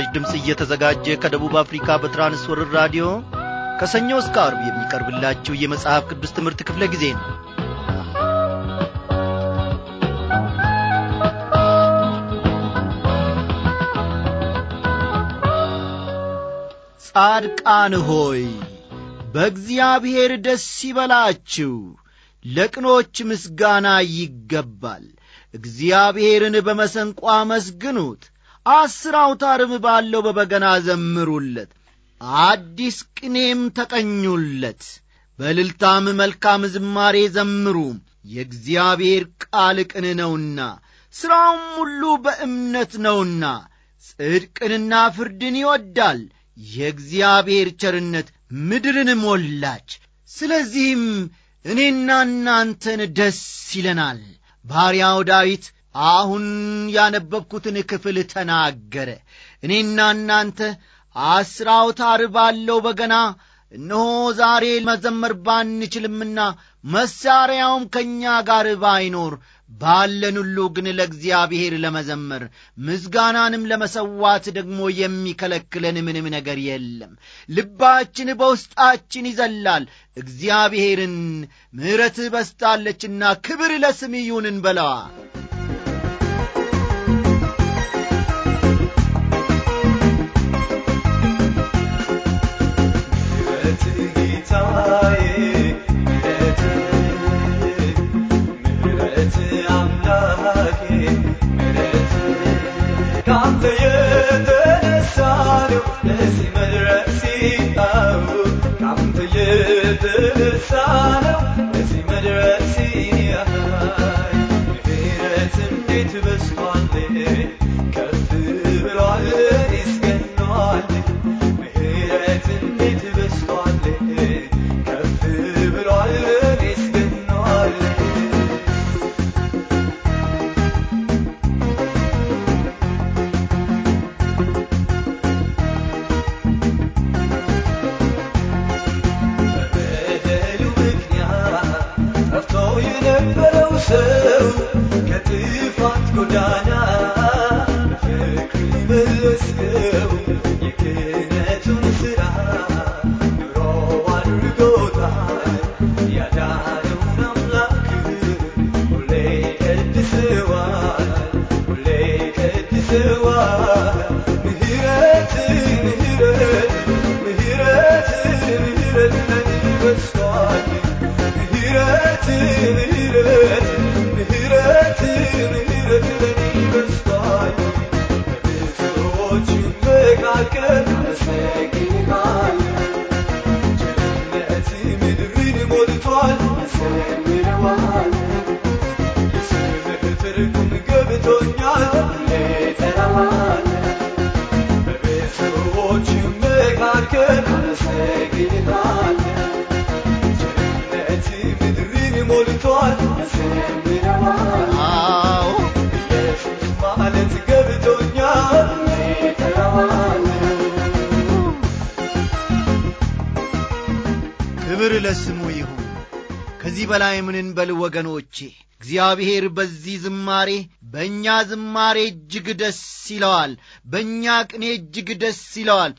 ለመስራች ድምፅ እየተዘጋጀ ከደቡብ አፍሪካ በትራንስወርር ራዲዮ ከሰኞ እስከ አርብ የሚቀርብላችሁ የመጽሐፍ ቅዱስ ትምህርት ክፍለ ጊዜ ነው ጻድቃን ሆይ በእግዚአብሔር ደስ ይበላችሁ ለቅኖች ምስጋና ይገባል እግዚአብሔርን በመሰንቋ መስግኑት! አስር አውታርም ባለው በበገና ዘምሩለት፣ አዲስ ቅኔም ተቀኙለት፣ በልልታም መልካም ዝማሬ ዘምሩ፣ የእግዚአብሔር ቃል ቅን ነውና ሥራውም ሁሉ በእምነት ነውና ጽድቅንና ፍርድን ይወዳል። የእግዚአብሔር ቸርነት ምድርን ሞላች። ስለዚህም እኔና እናንተን ደስ ይለናል። ባሪያው ዳዊት አሁን ያነበብኩትን ክፍል ተናገረ። እኔና እናንተ አስር አውታር ባለው በገና እነሆ ዛሬ መዘመር ባንችልምና መሣሪያውም ከእኛ ጋር ባይኖር ባለን ሁሉ ግን ለእግዚአብሔር ለመዘመር ምዝጋናንም ለመሰዋት ደግሞ የሚከለክለን ምንም ነገር የለም። ልባችን በውስጣችን ይዘላል። እግዚአብሔርን ምሕረት በስታለችና ክብር ለስም ይሁን እንበለዋ። ክብር ለስሙ ይሁን ከዚህ በላይ ምንን በል ወገኖቼ እግዚአብሔር በዚህ ዝማሬ በእኛ ዝማሬ እጅግ ደስ ይለዋል በእኛ ቅኔ እጅግ ደስ ይለዋል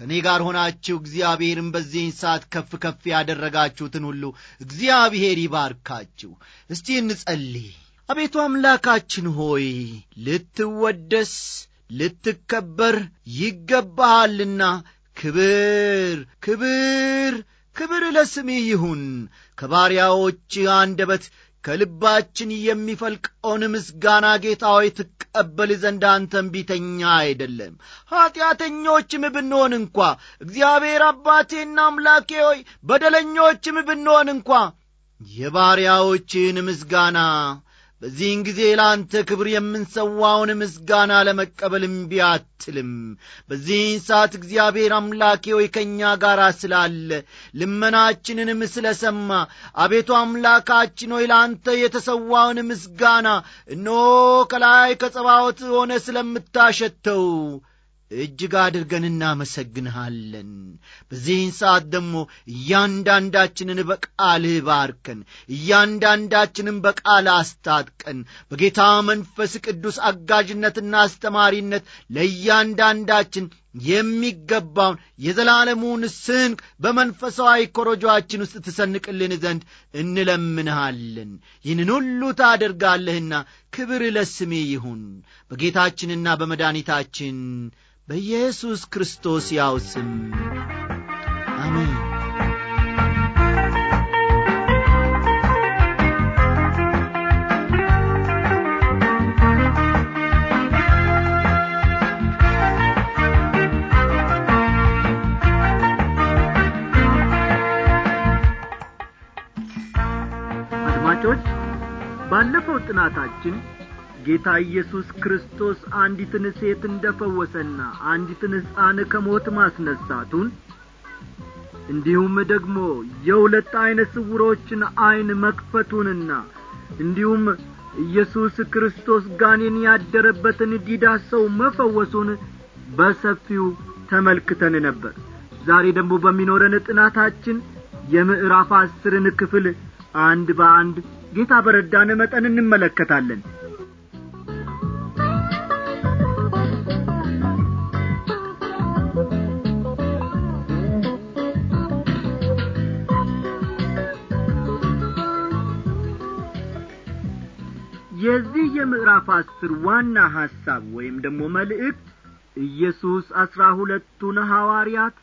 ከእኔ ጋር ሆናችሁ እግዚአብሔርን በዚህን ሰዓት ከፍ ከፍ ያደረጋችሁትን ሁሉ እግዚአብሔር ይባርካችሁ እስቲ እንጸልይ አቤቱ አምላካችን ሆይ ልትወደስ ልትከበር ይገባሃልና ክብር ክብር ክብር ለስሜ ይሁን። ከባሪያዎች አንደበት ከልባችን የሚፈልቀውን ምስጋና ጌታ ሆይ ትቀበል ዘንድ አንተን ቢተኛ አይደለም። ኀጢአተኞችም ብንሆን እንኳ እግዚአብሔር አባቴና አምላኬ ሆይ በደለኞችም ብንሆን እንኳ የባሪያዎችን ምስጋና በዚህን ጊዜ ለአንተ ክብር የምንሰዋውን ምስጋና ለመቀበል እምቢ አትልም። በዚህን ሰዓት እግዚአብሔር አምላኬ ወይ ከእኛ ጋር ስላለ ልመናችንንም ስለ ሰማ፣ አቤቱ አምላካችን ወይ ለአንተ የተሰዋውን ምስጋና እኖ ከላይ ከጸባወት ሆነ ስለምታሸተው እጅግ አድርገን እናመሰግንሃለን። በዚህን ሰዓት ደግሞ እያንዳንዳችንን በቃልህ ባርከን፣ እያንዳንዳችንን በቃል አስታጥቀን፣ በጌታ መንፈስ ቅዱስ አጋዥነትና አስተማሪነት ለእያንዳንዳችን የሚገባውን የዘላለሙን ስንቅ በመንፈሳዊ ኮረጆአችን ውስጥ ትሰንቅልን ዘንድ እንለምንሃለን። ይህንን ሁሉ ታደርጋለህና ክብር ለስሜ ይሁን በጌታችንና በመድኃኒታችን በኢየሱስ ክርስቶስ ያው ስም ጥናታችን ጌታ ኢየሱስ ክርስቶስ አንዲትን ሴት እንደ ፈወሰና አንዲትን ሕፃን ከሞት ማስነሳቱን እንዲሁም ደግሞ የሁለት ዐይነ ስውሮችን ዐይን መክፈቱንና እንዲሁም ኢየሱስ ክርስቶስ ጋኔን ያደረበትን ዲዳ ሰው መፈወሱን በሰፊው ተመልክተን ነበር ዛሬ ደግሞ በሚኖረን ጥናታችን የምዕራፍ አስርን ክፍል አንድ በአንድ ጌታ በረዳን መጠን እንመለከታለን የዚህ የምዕራፍ አስር ዋና ሐሳብ ወይም ደግሞ መልእክት ኢየሱስ አሥራ ሁለቱን ሐዋርያት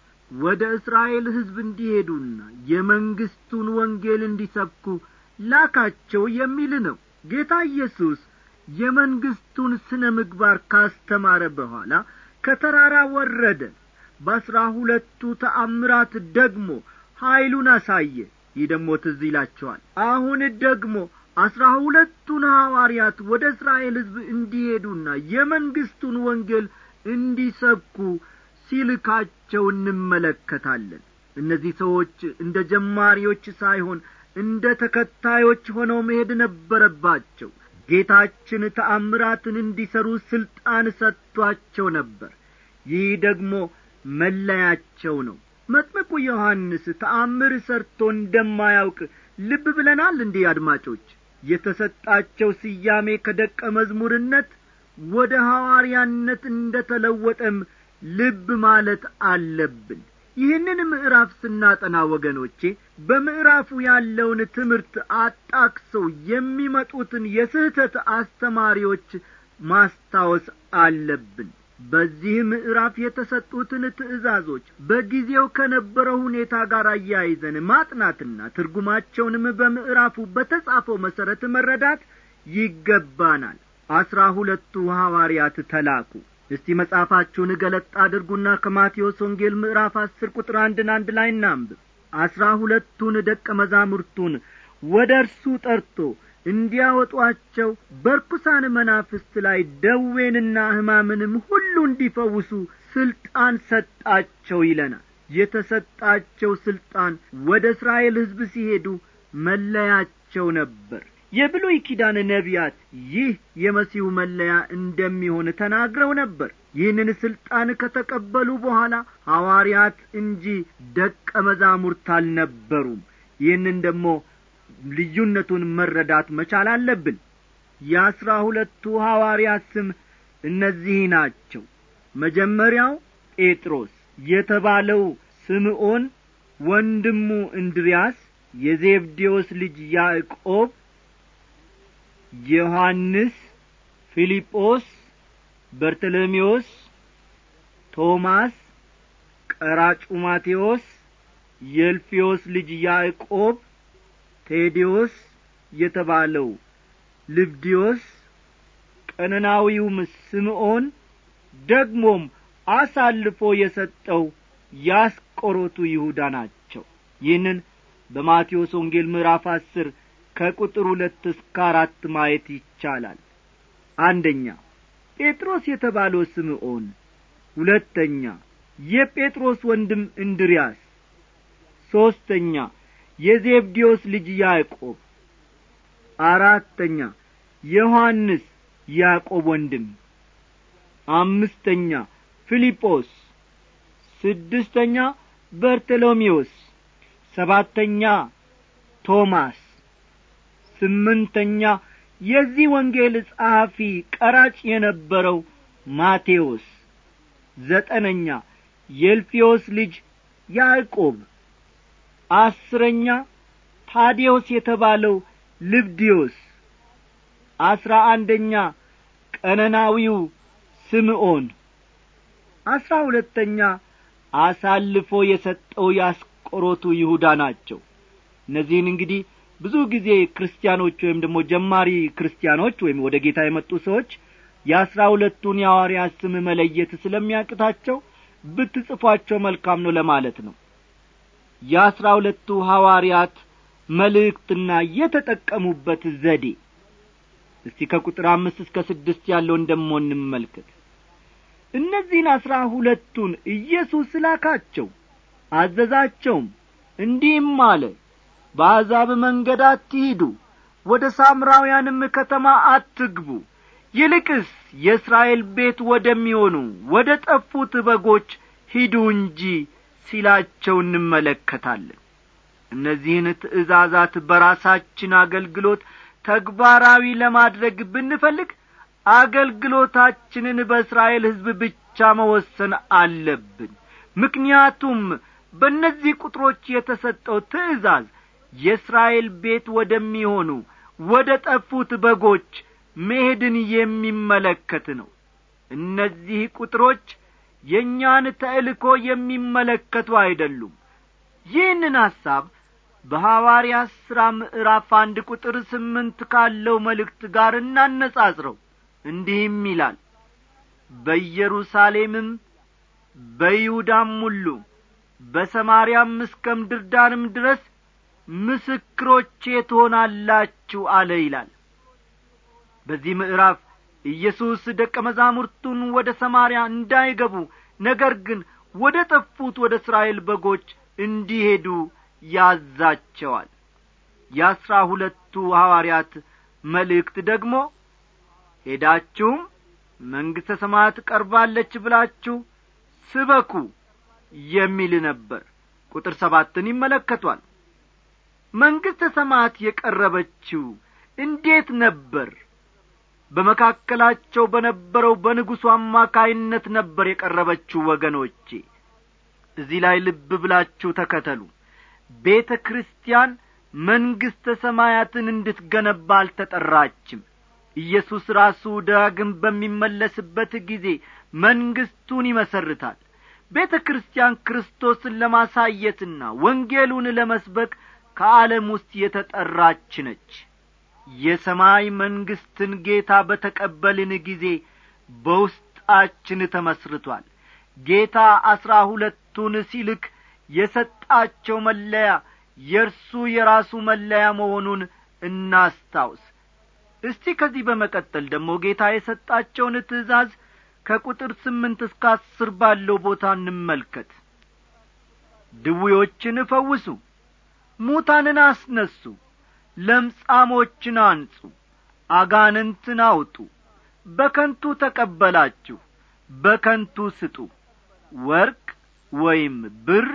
ወደ እስራኤል ሕዝብ እንዲሄዱና የመንግሥቱን ወንጌል እንዲሰብኩ ላካቸው የሚል ነው ጌታ ኢየሱስ የመንግስቱን ስነ ምግባር ካስተማረ በኋላ ከተራራ ወረደ በአስራ ሁለቱ ተአምራት ደግሞ ኀይሉን አሳየ ይህ ደግሞ ትዝ ይላቸዋል አሁን ደግሞ አስራ ሁለቱን ሐዋርያት ወደ እስራኤል ሕዝብ እንዲሄዱና የመንግስቱን ወንጌል እንዲሰብኩ ሲልካቸው እንመለከታለን እነዚህ ሰዎች እንደ ጀማሪዎች ሳይሆን እንደ ተከታዮች ሆነው መሄድ ነበረባቸው ጌታችን ተአምራትን እንዲሰሩ ሥልጣን ሰጥቷቸው ነበር ይህ ደግሞ መለያቸው ነው መጥምቁ ዮሐንስ ተአምር ሰርቶ እንደማያውቅ ልብ ብለናል እንዲህ አድማጮች የተሰጣቸው ስያሜ ከደቀ መዝሙርነት ወደ ሐዋርያነት እንደ ተለወጠም ልብ ማለት አለብን ይህንን ምዕራፍ ስናጠና ወገኖቼ በምዕራፉ ያለውን ትምህርት አጣቅሰው የሚመጡትን የስህተት አስተማሪዎች ማስታወስ አለብን በዚህ ምዕራፍ የተሰጡትን ትእዛዞች በጊዜው ከነበረው ሁኔታ ጋር አያይዘን ማጥናትና ትርጉማቸውንም በምዕራፉ በተጻፈው መሠረት መረዳት ይገባናል አስራ ሁለቱ ሐዋርያት ተላኩ እስቲ መጻፋችሁን ገለጥ አድርጉና ከማቴዎስ ወንጌል ምዕራፍ አስር ቁጥር አንድን አንድ ላይ እናንብ አስራ ሁለቱን ደቀ መዛሙርቱን ወደ እርሱ ጠርቶ እንዲያወጧቸው በርኩሳን መናፍስት ላይ ደዌንና ሕማምንም ሁሉ እንዲፈውሱ ሥልጣን ሰጣቸው ይለናል የተሰጣቸው ሥልጣን ወደ እስራኤል ሕዝብ ሲሄዱ መለያቸው ነበር የብሉይ ኪዳን ነቢያት ይህ የመሲሁ መለያ እንደሚሆን ተናግረው ነበር ይህንን ሥልጣን ከተቀበሉ በኋላ ሐዋርያት እንጂ ደቀ መዛሙርት አልነበሩም ይህንን ደግሞ ልዩነቱን መረዳት መቻል አለብን የአሥራ ሁለቱ ሐዋርያት ስም እነዚህ ናቸው መጀመሪያው ጴጥሮስ የተባለው ስምዖን ወንድሙ እንድሪያስ የዜብዴዎስ ልጅ ያዕቆብ ዮሐንስ ፊልጶስ በርተሎሜዎስ ቶማስ ቀራጩ ማቴዎስ የልፊዮስ ልጅ ያዕቆብ ቴዴዎስ የተባለው ልብዲዮስ ቀነናዊውም ስምዖን ደግሞም አሳልፎ የሰጠው ያስቆሮቱ ይሁዳ ናቸው ይህንን በማቴዎስ ወንጌል ምዕራፍ አስር ከቁጥር ሁለት እስከ አራት ማየት ይቻላል አንደኛ ጴጥሮስ የተባለው ስምዖን ሁለተኛ የጴጥሮስ ወንድም እንድሪያስ ሦስተኛ የዜብዴዎስ ልጅ ያዕቆብ አራተኛ ዮሐንስ ያዕቆብ ወንድም አምስተኛ ፊልጶስ ስድስተኛ በርተሎሜዎስ ሰባተኛ ቶማስ ስምንተኛ የዚህ ወንጌል ጸሐፊ ቀራጭ የነበረው ማቴዎስ፣ ዘጠነኛ የልፊዮስ ልጅ ያዕቆብ፣ አስረኛ ታዴዎስ የተባለው ልብድዮስ አስራ አንደኛ ቀነናዊው ስምዖን፣ አስራ ሁለተኛ አሳልፎ የሰጠው ያስቆሮቱ ይሁዳ ናቸው። እነዚህን እንግዲህ ብዙ ጊዜ ክርስቲያኖች ወይም ደግሞ ጀማሪ ክርስቲያኖች ወይም ወደ ጌታ የመጡ ሰዎች የአሥራ ሁለቱን የሐዋርያት ስም መለየት ስለሚያቅታቸው ብትጽፏቸው መልካም ነው ለማለት ነው የአሥራ ሁለቱ ሐዋርያት መልእክትና የተጠቀሙበት ዘዴ እስቲ ከቁጥር አምስት እስከ ስድስት ያለውን ደሞ እንመልከት እነዚህን አሥራ ሁለቱን ኢየሱስ ላካቸው አዘዛቸውም እንዲህም አለ በአሕዛብ መንገድ አትሂዱ፣ ወደ ሳምራውያንም ከተማ አትግቡ፣ ይልቅስ የእስራኤል ቤት ወደሚሆኑ ወደ ጠፉት በጎች ሂዱ እንጂ ሲላቸው እንመለከታለን። እነዚህን ትእዛዛት በራሳችን አገልግሎት ተግባራዊ ለማድረግ ብንፈልግ አገልግሎታችንን በእስራኤል ሕዝብ ብቻ መወሰን አለብን። ምክንያቱም በእነዚህ ቁጥሮች የተሰጠው ትእዛዝ የእስራኤል ቤት ወደሚሆኑ ወደ ጠፉት በጎች መሄድን የሚመለከት ነው እነዚህ ቁጥሮች የእኛን ተዕልኮ የሚመለከቱ አይደሉም ይህንን ሐሳብ በሐዋርያ ሥራ ምዕራፍ አንድ ቁጥር ስምንት ካለው መልእክት ጋር እናነጻጽረው እንዲህም ይላል በኢየሩሳሌምም በይሁዳም ሁሉ በሰማርያም እስከ ምድር ዳርም ድረስ ምስክሮቼ ትሆናላችሁ አለ ይላል በዚህ ምዕራፍ ኢየሱስ ደቀ መዛሙርቱን ወደ ሰማርያ እንዳይገቡ ነገር ግን ወደ ጠፉት ወደ እስራኤል በጎች እንዲሄዱ ያዛቸዋል የአሥራ ሁለቱ ሐዋርያት መልእክት ደግሞ ሄዳችሁም መንግሥተ ሰማያት ቀርባለች ብላችሁ ስበኩ የሚል ነበር ቁጥር ሰባትን ይመለከቷል መንግሥተ ሰማያት የቀረበችው እንዴት ነበር በመካከላቸው በነበረው በንጉሡ አማካይነት ነበር የቀረበችው ወገኖቼ እዚህ ላይ ልብ ብላችሁ ተከተሉ ቤተ ክርስቲያን መንግሥተ ሰማያትን እንድትገነባ አልተጠራችም ኢየሱስ ራሱ ዳግም በሚመለስበት ጊዜ መንግሥቱን ይመሰርታል ቤተ ክርስቲያን ክርስቶስን ለማሳየትና ወንጌሉን ለመስበክ ከዓለም ውስጥ የተጠራች ነች የሰማይ መንግሥትን ጌታ በተቀበልን ጊዜ በውስጣችን ተመስርቷል ጌታ አሥራ ሁለቱን ሲልክ የሰጣቸው መለያ የእርሱ የራሱ መለያ መሆኑን እናስታውስ እስቲ ከዚህ በመቀጠል ደግሞ ጌታ የሰጣቸውን ትእዛዝ ከቁጥር ስምንት እስከ አስር ባለው ቦታ እንመልከት ድዌዎችን እፈውሱ ሙታንን አስነሱ ለምጻሞችን አንጹ አጋንንትን አውጡ በከንቱ ተቀበላችሁ በከንቱ ስጡ ወርቅ ወይም ብር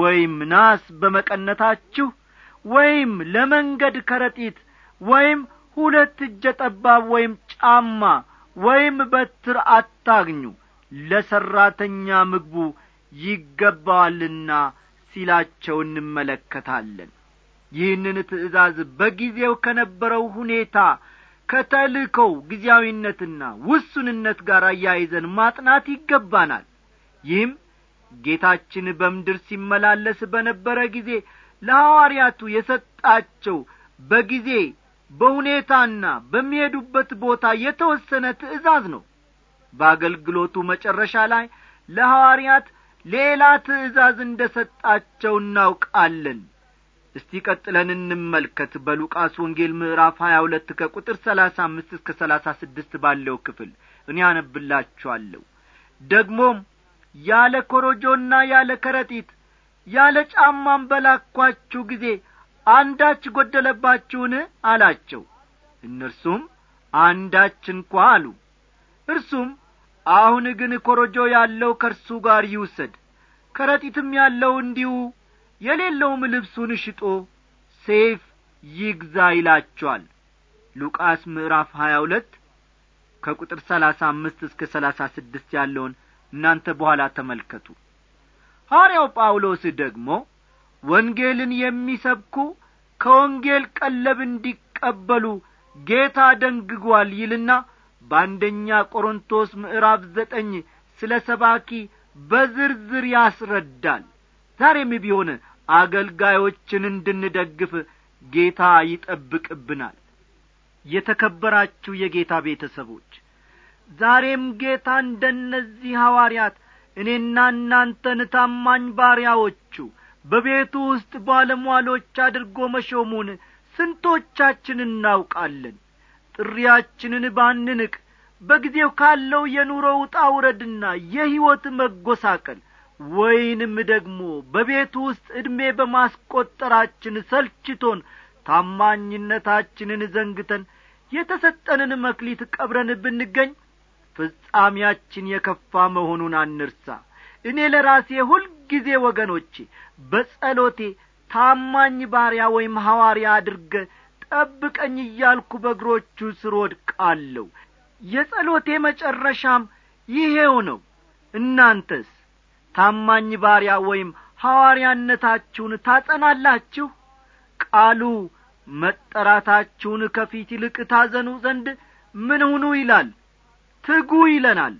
ወይም ናስ በመቀነታችሁ ወይም ለመንገድ ከረጢት ወይም ሁለት እጀ ጠባብ ወይም ጫማ ወይም በትር አታግኙ ለሠራተኛ ምግቡ ይገባዋልና ሲላቸው እንመለከታለን ይህንን ትእዛዝ በጊዜው ከነበረው ሁኔታ ከተልከው ጊዜያዊነትና ውሱንነት ጋር አያይዘን ማጥናት ይገባናል ይህም ጌታችን በምድር ሲመላለስ በነበረ ጊዜ ለሐዋርያቱ የሰጣቸው በጊዜ በሁኔታና በሚሄዱበት ቦታ የተወሰነ ትእዛዝ ነው በአገልግሎቱ መጨረሻ ላይ ለሐዋርያት ሌላ ትእዛዝ እንደ ሰጣቸው እናውቃለን እስቲ ቀጥለን እንመልከት በሉቃስ ወንጌል ምዕራፍ ሀያ ሁለት ከቁጥር ሰላሳ አምስት እስከ ሰላሳ ስድስት ባለው ክፍል እኔ አነብላችኋለሁ ደግሞም ያለ ኮሮጆና ያለ ከረጢት ያለ ጫማም በላኳችሁ ጊዜ አንዳች ጐደለባችሁን አላቸው እነርሱም አንዳች እንኳ አሉ እርሱም አሁን ግን ኮረጆ ያለው ከእርሱ ጋር ይውሰድ ከረጢትም ያለው እንዲሁ የሌለውም ልብሱን ሽጦ ሴፍ ይግዛ ይላቸዋል ሉቃስ ምዕራፍ ሀያ ሁለት ከቁጥር ሰላሳ አምስት እስከ ሰላሳ ስድስት ያለውን እናንተ በኋላ ተመልከቱ ሐርያው ጳውሎስ ደግሞ ወንጌልን የሚሰብኩ ከወንጌል ቀለብ እንዲቀበሉ ጌታ ደንግጓል ይልና በአንደኛ ቆሮንቶስ ምዕራፍ ዘጠኝ ስለ ሰባኪ በዝርዝር ያስረዳል ዛሬም ቢሆን አገልጋዮችን እንድንደግፍ ጌታ ይጠብቅብናል የተከበራችሁ የጌታ ቤተሰቦች ዛሬም ጌታ እንደነዚህ ሐዋርያት እኔና እናንተን ታማኝ ባሪያዎቹ በቤቱ ውስጥ ባለሟሎች አድርጎ መሾሙን ስንቶቻችን እናውቃለን ጥሪያችንን ባንንቅ በጊዜው ካለው የኑሮ ውጣ ውረድና የሕይወት መጐሳቀል ወይንም ደግሞ በቤቱ ውስጥ ዕድሜ በማስቈጠራችን ሰልችቶን ታማኝነታችንን ዘንግተን የተሰጠንን መክሊት ቀብረን ብንገኝ ፍጻሜያችን የከፋ መሆኑን አንርሳ እኔ ለራሴ ሁልጊዜ ወገኖቼ በጸሎቴ ታማኝ ባሪያ ወይም ሐዋርያ አድርገ ጠብቀኝ እያልኩ በእግሮቹ ስር ወድቃለሁ የጸሎቴ መጨረሻም ይሄው ነው እናንተስ ታማኝ ባሪያ ወይም ሐዋርያነታችሁን ታጸናላችሁ ቃሉ መጠራታችሁን ከፊት ይልቅ ታዘኑ ዘንድ ምን ሁኑ ይላል ትጉ ይለናል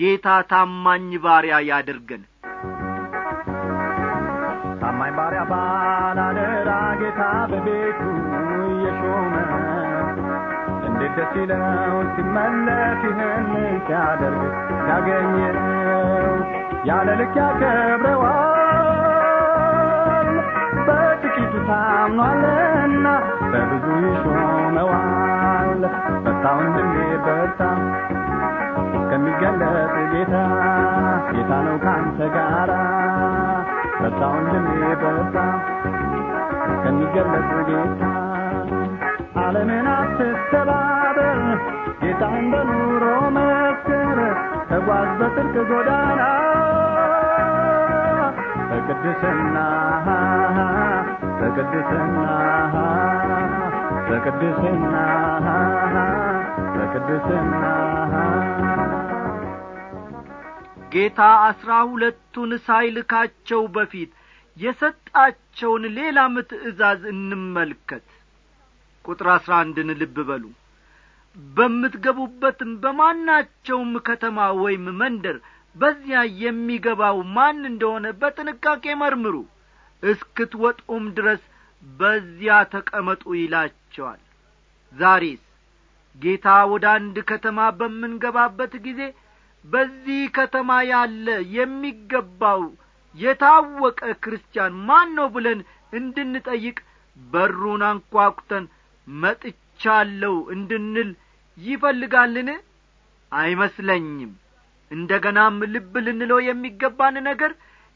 ጌታ ታማኝ ባሪያ ያድርገን ተስለው ሲመለስ ይህን ሲያደርግ ያገኘው ያለ ልክ ያከብረዋል። በጥቂቱ ታምኗልና በብዙ ይሾመዋል። በርታ ወንድሜ በርታ ከሚገለጥ ጌታ ጌታ ነው ካንተ ጋራ በርታ ወንድሜ በርታ ከሚገለጥ ጌታ ዓለምን አትሰባ ጌታን በኑሮ መሰረ ተጓዝ በጽድቅ ጎዳና በቅድስና በቅድስና በቅድስና በቅድስና ጌታ አስራ ሁለቱን ሳይልካቸው በፊት የሰጣቸውን ሌላም ትእዛዝ እንመልከት ቁጥር አስራ አንድን ልብ በሉ በምትገቡበትም በማናቸውም ከተማ ወይም መንደር በዚያ የሚገባው ማን እንደሆነ በጥንቃቄ መርምሩ እስክትወጡም ድረስ በዚያ ተቀመጡ ይላቸዋል ዛሬስ ጌታ ወደ አንድ ከተማ በምንገባበት ጊዜ በዚህ ከተማ ያለ የሚገባው የታወቀ ክርስቲያን ማን ነው ብለን እንድንጠይቅ በሩን አንኳኩተን መጥቻለሁ እንድንል ይፈልጋልን አይመስለኝም እንደ ገናም ልብ ልንለው የሚገባን ነገር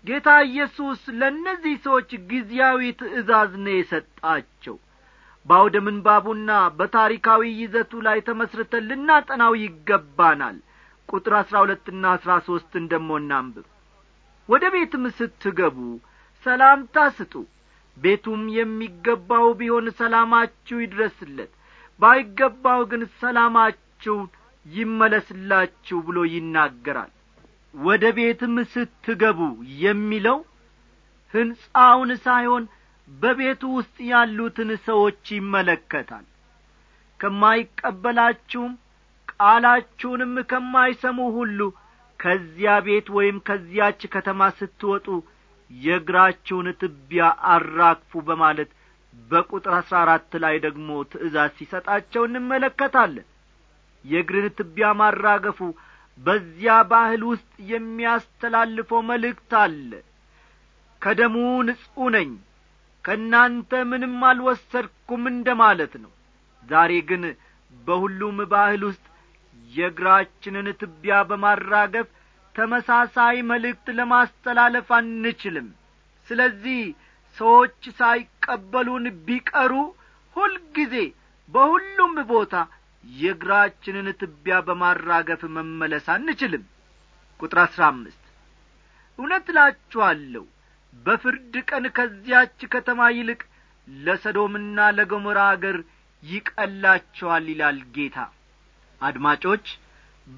ጌታ ኢየሱስ ለእነዚህ ሰዎች ጊዜያዊ ትእዛዝ ነው የሰጣቸው በአውደ ምንባቡና በታሪካዊ ይዘቱ ላይ ተመስርተን ልናጠናው ይገባናል ቁጥር አሥራ ሁለትና አሥራ ሦስትን ደሞ እናንብብ ወደ ቤትም ስትገቡ ሰላምታ ስጡ ቤቱም የሚገባው ቢሆን ሰላማችሁ ይድረስለት ባይገባው ግን ሰላማችሁ ይመለስላችሁ ብሎ ይናገራል ወደ ቤትም ስትገቡ የሚለው ሕንጻውን ሳይሆን በቤቱ ውስጥ ያሉትን ሰዎች ይመለከታል ከማይቀበላችሁም ቃላችሁንም ከማይሰሙ ሁሉ ከዚያ ቤት ወይም ከዚያች ከተማ ስትወጡ የእግራችሁን ትቢያ አራግፉ በማለት በቁጥር አሥራ አራት ላይ ደግሞ ትእዛዝ ሲሰጣቸው እንመለከታለን የእግርን ትቢያ ማራገፉ በዚያ ባህል ውስጥ የሚያስተላልፈው መልእክት አለ ከደሙ ንጹ ነኝ ከእናንተ ምንም አልወሰድኩም እንደ ማለት ነው ዛሬ ግን በሁሉም ባህል ውስጥ የእግራችንን ትቢያ በማራገፍ ተመሳሳይ መልእክት ለማስተላለፍ አንችልም ስለዚህ ሰዎች ሳይ ሳይቀበሉን ቢቀሩ ሁልጊዜ በሁሉም ቦታ የእግራችንን ትቢያ በማራገፍ መመለስ አንችልም ቁጥር አሥራ አምስት እውነት እላችኋለሁ በፍርድ ቀን ከዚያች ከተማ ይልቅ ለሰዶምና ለገሞራ አገር ይቀላቸዋል ይላል ጌታ አድማጮች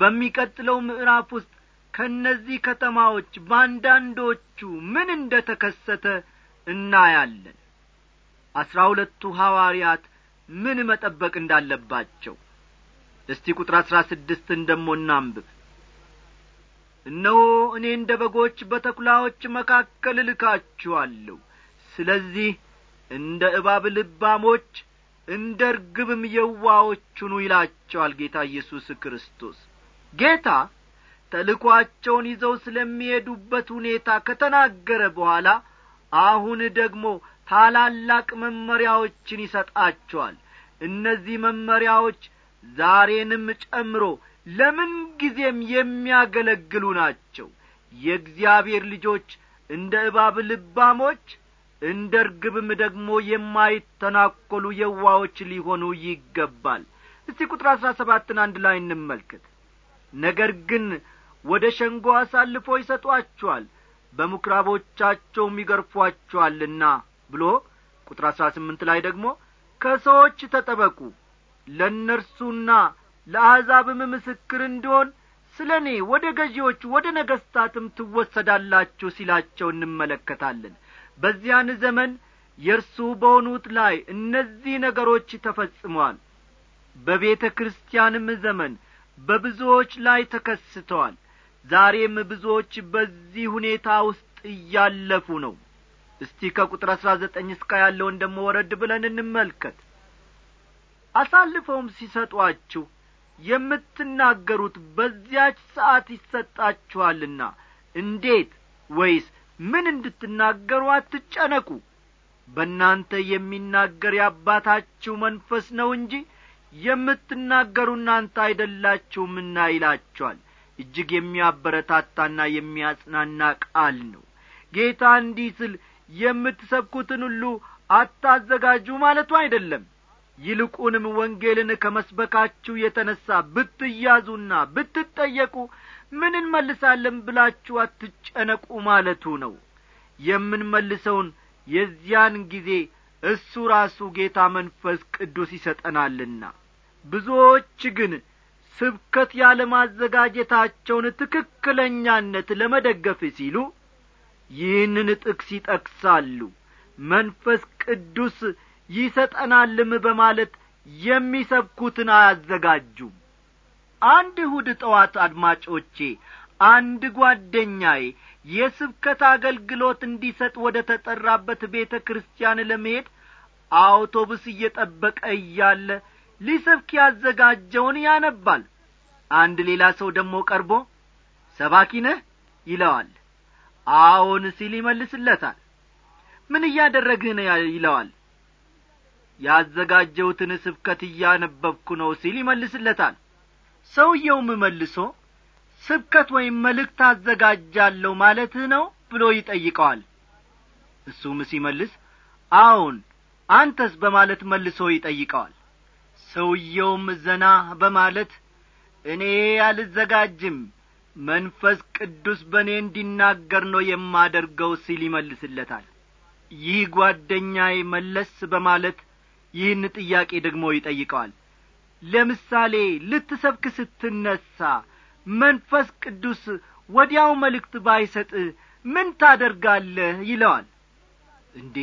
በሚቀጥለው ምዕራፍ ውስጥ ከእነዚህ ከተማዎች በአንዳንዶቹ ምን እንደ ተከሰተ እናያለን አሥራ ሁለቱ ሐዋርያት ምን መጠበቅ እንዳለባቸው እስቲ ቁጥር አሥራ ስድስትን ደሞ እናንብብ እነሆ እኔ እንደ በጎች በተኩላዎች መካከል እልካችኋለሁ ስለዚህ እንደ እባብ ልባሞች እንደ ርግብም የዋዎቹኑ ይላቸዋል ጌታ ኢየሱስ ክርስቶስ ጌታ ተልኳቸውን ይዘው ስለሚሄዱበት ሁኔታ ከተናገረ በኋላ አሁን ደግሞ ታላላቅ መመሪያዎችን ይሰጣቸዋል እነዚህ መመሪያዎች ዛሬንም ጨምሮ ለምን ጊዜም የሚያገለግሉ ናቸው የእግዚአብሔር ልጆች እንደ እባብ ልባሞች እንደ ርግብም ደግሞ የማይተናኰሉ የዋዎች ሊሆኑ ይገባል እስቲ ቁጥር አሥራ ሰባትን አንድ ላይ እንመልከት ነገር ግን ወደ ሸንጎ አሳልፎ ይሰጧችኋል በምኵራቦቻቸውም ይገርፏችኋልና ብሎ ቁጥር አሥራ ስምንት ላይ ደግሞ ከሰዎች ተጠበቁ ለእነርሱና ለአሕዛብም ምስክር እንዲሆን ስለ እኔ ወደ ገዢዎቹ ወደ ነገሥታትም ትወሰዳላችሁ ሲላቸው እንመለከታለን በዚያን ዘመን የእርሱ በሆኑት ላይ እነዚህ ነገሮች ተፈጽመዋል በቤተ ክርስቲያንም ዘመን በብዙዎች ላይ ተከስተዋል ዛሬም ብዙዎች በዚህ ሁኔታ ውስጥ እያለፉ ነው እስቲ ከቁጥር አሥራ ዘጠኝ እስከ ያለውን ደሞ ወረድ ብለን እንመልከት አሳልፈውም ሲሰጧችሁ የምትናገሩት በዚያች ሰዓት ይሰጣችኋልና እንዴት ወይስ ምን እንድትናገሩ አትጨነቁ በእናንተ የሚናገር የአባታችሁ መንፈስ ነው እንጂ የምትናገሩ እናንተ አይደላችሁምና ይላችኋል እጅግ የሚያበረታታና የሚያጽናና ቃል ነው ጌታ እንዲህ ስል የምትሰብኩትን ሁሉ አታዘጋጁ ማለቱ አይደለም ይልቁንም ወንጌልን ከመስበካችሁ የተነሣ ብትያዙና ብትጠየቁ ምን እንመልሳለን ብላችሁ አትጨነቁ ማለቱ ነው የምንመልሰውን የዚያን ጊዜ እሱ ራሱ ጌታ መንፈስ ቅዱስ ይሰጠናልና ብዙዎች ግን ስብከት ያለማዘጋጀታቸውን ትክክለኛነት ለመደገፍ ሲሉ ይህንን ጥቅስ ይጠቅሳሉ መንፈስ ቅዱስ ይሰጠናልም በማለት የሚሰብኩትን አያዘጋጁም አንድ እሁድ ጠዋት አድማጮቼ አንድ ጓደኛዬ የስብከት አገልግሎት እንዲሰጥ ወደ ተጠራበት ቤተ ክርስቲያን ለመሄድ አውቶቡስ እየጠበቀ እያለ ሊሰብክ ያዘጋጀውን ያነባል አንድ ሌላ ሰው ደግሞ ቀርቦ ሰባኪ ነህ ይለዋል አዎን ሲል ይመልስለታል ምን እያደረግህ ነው ይለዋል ያዘጋጀውትን ስብከት እያነበብኩ ነው ሲል ይመልስለታል ሰውየውም መልሶ ስብከት ወይም መልእክት አዘጋጃለሁ ማለትህ ነው ብሎ ይጠይቀዋል እሱም ሲመልስ አዎን አንተስ በማለት መልሶ ይጠይቀዋል ሰውየውም ዘና በማለት እኔ አልዘጋጅም መንፈስ ቅዱስ በእኔ እንዲናገር ነው የማደርገው ሲል ይመልስለታል ይህ ጓደኛዬ መለስ በማለት ይህን ጥያቄ ደግሞ ይጠይቀዋል ለምሳሌ ልትሰብክ ስትነሣ መንፈስ ቅዱስ ወዲያው መልእክት ባይሰጥ ምን ታደርጋለህ ይለዋል እንዴ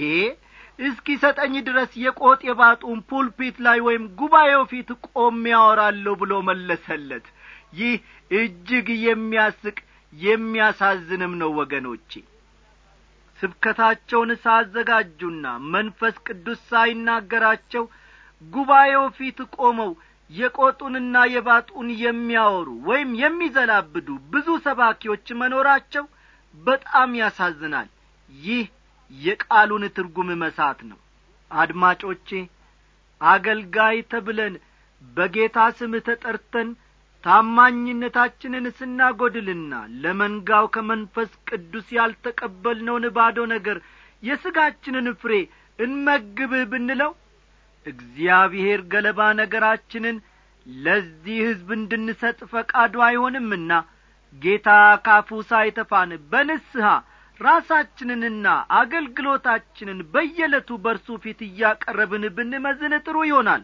እስኪ ሰጠኝ ድረስ የቆጤ ባጡን ፑልፒት ላይ ወይም ጉባኤው ፊት ቆም ያወራለሁ ብሎ መለሰለት ይህ እጅግ የሚያስቅ የሚያሳዝንም ነው ወገኖቼ ስብከታቸውን ሳዘጋጁና መንፈስ ቅዱስ ሳይናገራቸው ጉባኤው ፊት ቆመው የቆጡንና የባጡን የሚያወሩ ወይም የሚዘላብዱ ብዙ ሰባኪዎች መኖራቸው በጣም ያሳዝናል ይህ የቃሉን ትርጉም መሳት ነው አድማጮቼ አገልጋይ ተብለን በጌታ ስም ተጠርተን ታማኝነታችንን ስናጐድልና ለመንጋው ከመንፈስ ቅዱስ ያልተቀበልነውን ባዶ ነገር የሥጋችንን ፍሬ እንመግብህ ብንለው እግዚአብሔር ገለባ ነገራችንን ለዚህ ሕዝብ እንድንሰጥ ፈቃዱ አይሆንምና ጌታ ካፉ ሳይተፋን በንስሐ ራሳችንንና አገልግሎታችንን በየዕለቱ በርሱ ፊት እያቀረብን ብንመዝን ጥሩ ይሆናል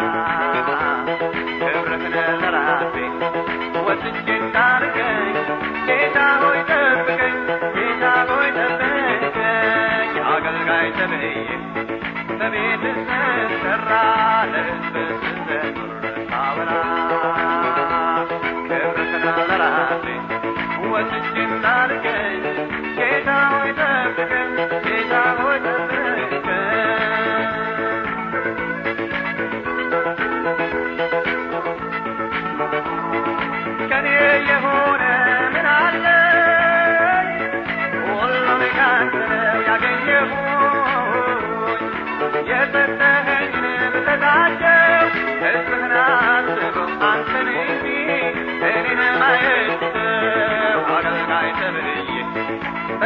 Get down with the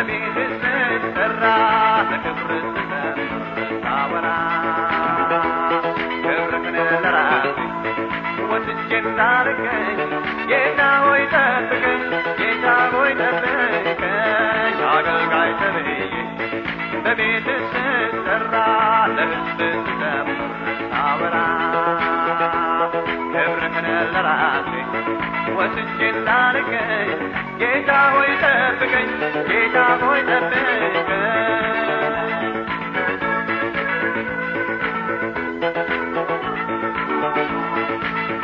በቤት ስትሰራ በክብር ስትዘምር ታወራ አገልጋይ ተብዬ በቤት ስትሰራ ወስጄ እንዳልገኝ ጌታ ሆይ ጠብቀኝ ጌታ ሆይ ጠብቀኝ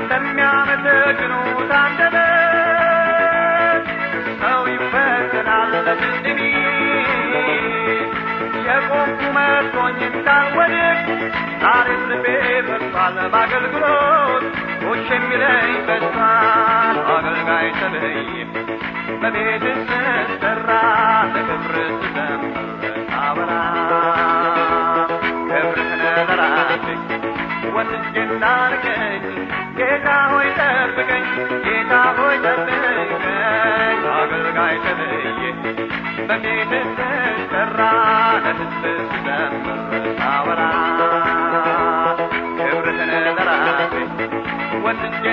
ለሚያመሰግኑት አንደበት ሰው ይፈተናል ለምንድን የቆምኩ መስሎኝ እንዳልወድቅ ዛሬ ልቤ ፈርሷል በአገልግሎት ውሽ የሚለኝ በዝቷል አገልጋይ ተለይ በቤት ስትሰራ ለክብር ስዘምር አበራ ክብርህን ለራሴ ወንጌና ርቀኝ ጌታ ሆይ ጠብቀኝ ጌታ ሆይ ጠብቀኝ አገልጋይ ተለይ በቤት ስትሰራ ለሕዝብ ስዘምር አበራ ወስጄ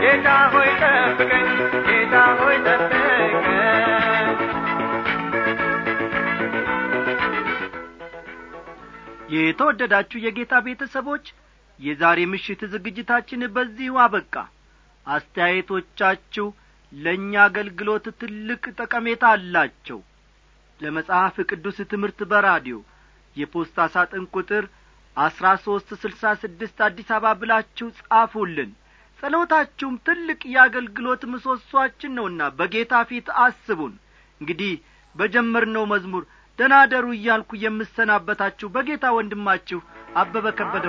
ጌታ ሆይ ጠብቀኝ ጌታ ሆይ ጠብቀኝ የተወደዳችሁ የጌታ ቤተሰቦች የዛሬ ምሽት ዝግጅታችን በዚሁ አበቃ አስተያየቶቻችሁ ለእኛ አገልግሎት ትልቅ ጠቀሜታ አላቸው ለመጽሐፍ ቅዱስ ትምህርት በራዲዮ የፖስታ ሳጥን ቁጥር አስራ ሦስት ስልሳ ስድስት አዲስ አበባ ብላችሁ ጻፉልን ጸሎታችሁም ትልቅ የአገልግሎት ምሰሷችን ነውና በጌታ ፊት አስቡን እንግዲህ በጀመርነው መዝሙር ደናደሩ እያልኩ የምሰናበታችሁ በጌታ ወንድማችሁ አበበ ከበደ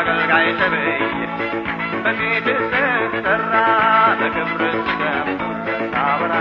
አገልጋይ ተበይ በቤት ስትሰራ በክብር ስትከብር ታበራ